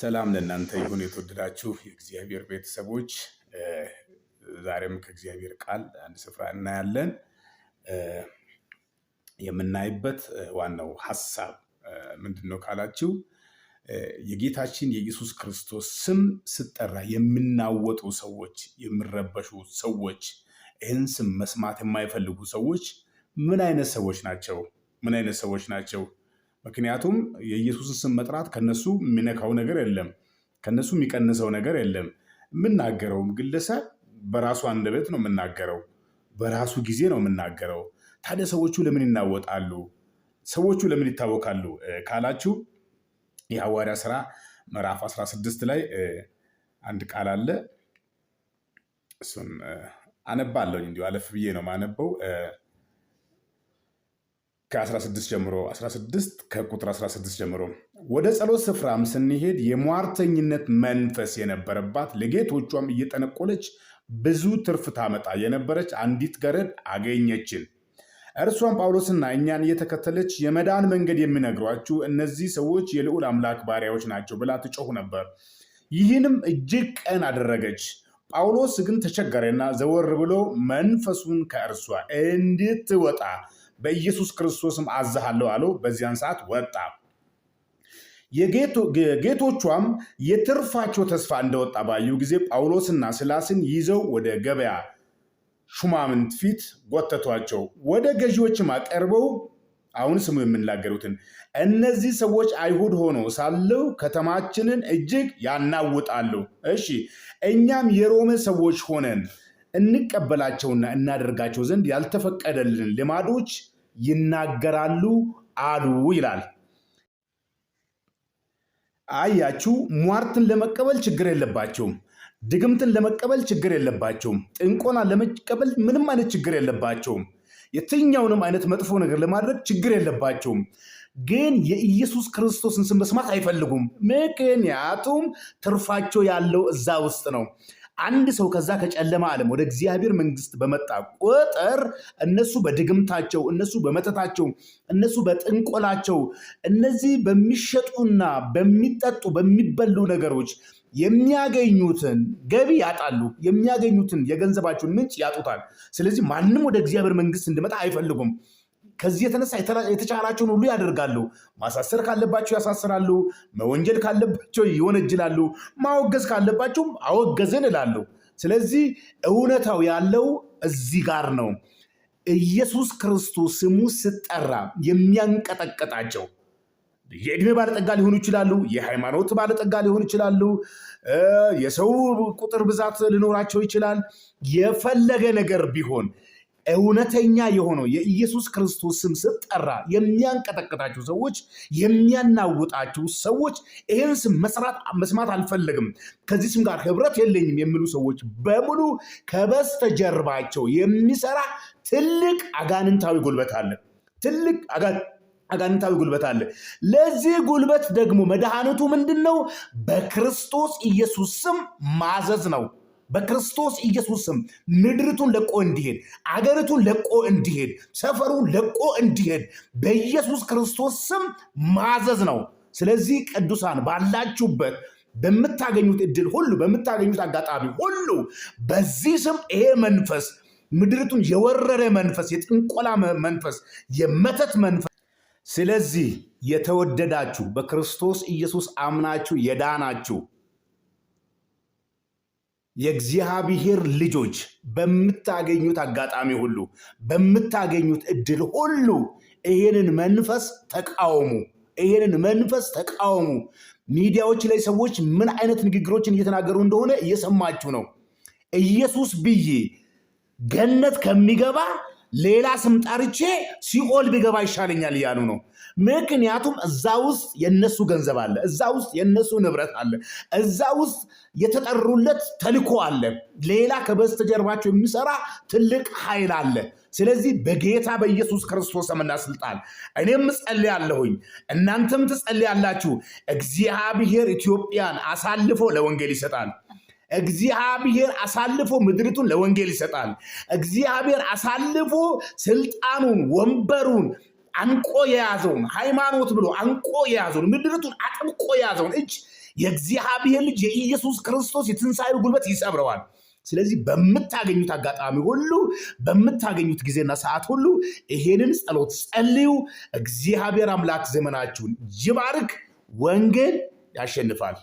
ሰላም ለእናንተ ይሁን የተወደዳችሁ የእግዚአብሔር ቤተሰቦች። ዛሬም ከእግዚአብሔር ቃል አንድ ስፍራ እናያለን። የምናይበት ዋናው ሀሳብ ምንድን ነው ካላችሁ የጌታችን የኢየሱስ ክርስቶስ ስም ስጠራ የሚናወጡ ሰዎች፣ የሚረበሹ ሰዎች፣ ይህን ስም መስማት የማይፈልጉ ሰዎች ምን አይነት ሰዎች ናቸው? ምን አይነት ሰዎች ናቸው? ምክንያቱም የኢየሱስን ስም መጥራት ከነሱ የሚነካው ነገር የለም፣ ከነሱ የሚቀንሰው ነገር የለም። የምናገረውም ግለሰብ በራሱ አንደበት ነው የምናገረው፣ በራሱ ጊዜ ነው የምናገረው። ታዲያ ሰዎቹ ለምን ይናወጣሉ? ሰዎቹ ለምን ይታወቃሉ ካላችሁ የሐዋርያ ስራ ምዕራፍ 16 ላይ አንድ ቃል አለ። እሱን አነባለሁ። እንዲሁ አለፍ ብዬ ነው ማነበው። ከ16 ጀምሮ 16 ከቁጥር 16 ጀምሮ ወደ ጸሎት ስፍራም ስንሄድ የሟርተኝነት መንፈስ የነበረባት ለጌቶቿም እየጠነቆለች ብዙ ትርፍ ታመጣ የነበረች አንዲት ገረድ አገኘችን። እርሷም ጳውሎስና እኛን እየተከተለች የመዳን መንገድ የሚነግሯችሁ እነዚህ ሰዎች የልዑል አምላክ ባሪያዎች ናቸው ብላ ትጮሁ ነበር። ይህንም እጅግ ቀን አደረገች። ጳውሎስ ግን ተቸገረና ዘወር ብሎ መንፈሱን ከእርሷ እንድትወጣ በኢየሱስ ክርስቶስም አዝሃለሁ አለው። በዚያን ሰዓት ወጣ። የጌቶቿም የትርፋቸው ተስፋ እንደወጣ ባዩ ጊዜ ጳውሎስና ስላስን ይዘው ወደ ገበያ ሹማምንት ፊት ጎተቷቸው። ወደ ገዢዎችም አቀርበው አሁን ስሙ የምንናገሩትን እነዚህ ሰዎች አይሁድ ሆኖ ሳለው ከተማችንን እጅግ ያናውጣሉ። እሺ እኛም የሮሜ ሰዎች ሆነን እንቀበላቸውና እናደርጋቸው ዘንድ ያልተፈቀደልን ልማዶች ይናገራሉ አሉ ይላል። አያችሁ፣ ሟርትን ለመቀበል ችግር የለባቸውም። ድግምትን ለመቀበል ችግር የለባቸውም። ጥንቆና ለመቀበል ምንም አይነት ችግር የለባቸውም። የትኛውንም አይነት መጥፎ ነገር ለማድረግ ችግር የለባቸውም። ግን የኢየሱስ ክርስቶስን ስም መስማት አይፈልጉም። ምክንያቱም ትርፋቸው ያለው እዛ ውስጥ ነው። አንድ ሰው ከዛ ከጨለማ ዓለም ወደ እግዚአብሔር መንግስት በመጣ ቁጥር እነሱ በድግምታቸው፣ እነሱ በመተታቸው፣ እነሱ በጥንቆላቸው፣ እነዚህ በሚሸጡና በሚጠጡ በሚበሉ ነገሮች የሚያገኙትን ገቢ ያጣሉ። የሚያገኙትን የገንዘባቸውን ምንጭ ያጡታል። ስለዚህ ማንም ወደ እግዚአብሔር መንግስት እንዲመጣ አይፈልጉም። ከዚህ የተነሳ የተቻላቸውን ሁሉ ያደርጋሉ። ማሳሰር ካለባቸው ያሳስራሉ፣ መወንጀል ካለባቸው ይወነጅላሉ፣ ማወገዝ ካለባቸውም አወገዝን እላሉ። ስለዚህ እውነታው ያለው እዚህ ጋር ነው። ኢየሱስ ክርስቶስ ስሙ ስጠራ የሚያንቀጠቀጣቸው የእድሜ ባለጠጋ ሊሆኑ ይችላሉ። የሃይማኖት ባለጠጋ ሊሆኑ ይችላሉ። የሰው ቁጥር ብዛት ሊኖራቸው ይችላል። የፈለገ ነገር ቢሆን እውነተኛ የሆነው የኢየሱስ ክርስቶስ ስም ስጠራ የሚያንቀጠቅጣችሁ ሰዎች፣ የሚያናውጣችሁ ሰዎች ይህን ስም መስማት አልፈለግም፣ ከዚህ ስም ጋር ህብረት የለኝም የሚሉ ሰዎች በሙሉ ከበስተጀርባቸው የሚሰራ ትልቅ አጋንንታዊ ጉልበት አለ። ትልቅ አጋንንታዊ ጉልበት አለ። ለዚህ ጉልበት ደግሞ መድኃኒቱ ምንድን ነው? በክርስቶስ ኢየሱስ ስም ማዘዝ ነው። በክርስቶስ ኢየሱስ ስም ምድሪቱን ለቆ እንዲሄድ፣ አገሪቱን ለቆ እንዲሄድ፣ ሰፈሩን ለቆ እንዲሄድ በኢየሱስ ክርስቶስ ስም ማዘዝ ነው። ስለዚህ ቅዱሳን ባላችሁበት በምታገኙት እድል ሁሉ በምታገኙት አጋጣሚ ሁሉ በዚህ ስም ይሄ መንፈስ ምድሪቱን የወረረ መንፈስ፣ የጥንቆላ መንፈስ፣ የመተት መንፈስ ስለዚህ የተወደዳችሁ በክርስቶስ ኢየሱስ አምናችሁ የዳናችሁ የእግዚአብሔር ልጆች በምታገኙት አጋጣሚ ሁሉ በምታገኙት እድል ሁሉ ይሄንን መንፈስ ተቃወሙ። ይሄንን መንፈስ ተቃወሙ። ሚዲያዎች ላይ ሰዎች ምን አይነት ንግግሮችን እየተናገሩ እንደሆነ እየሰማችሁ ነው። ኢየሱስ ብዬ ገነት ከሚገባ ሌላ ስም ጠርቼ ሲኦል ቢገባ ይሻለኛል እያሉ ነው። ምክንያቱም እዛ ውስጥ የነሱ ገንዘብ አለ፣ እዛ ውስጥ የነሱ ንብረት አለ፣ እዛ ውስጥ የተጠሩለት ተልኮ አለ፣ ሌላ ከበስተጀርባቸው የሚሰራ ትልቅ ኃይል አለ። ስለዚህ በጌታ በኢየሱስ ክርስቶስ ስምና ስልጣን እኔም እጸልያለሁኝ፣ እናንተም ትጸልያላችሁ። እግዚአብሔር ኢትዮጵያን አሳልፎ ለወንጌል ይሰጣል። እግዚአብሔር አሳልፎ ምድሪቱን ለወንጌል ይሰጣል። እግዚአብሔር አሳልፎ ስልጣኑን ወንበሩን አንቆ የያዘውን ሃይማኖት ብሎ አንቆ የያዘውን ምድሪቱን አጥብቆ የያዘውን እጅ የእግዚአብሔር ልጅ የኢየሱስ ክርስቶስ የትንሣኤ ጉልበት ይሰብረዋል። ስለዚህ በምታገኙት አጋጣሚ ሁሉ በምታገኙት ጊዜና ሰዓት ሁሉ ይሄንን ጸሎት ጸልዩ። እግዚአብሔር አምላክ ዘመናችሁን ይባርክ። ወንጌል ያሸንፋል።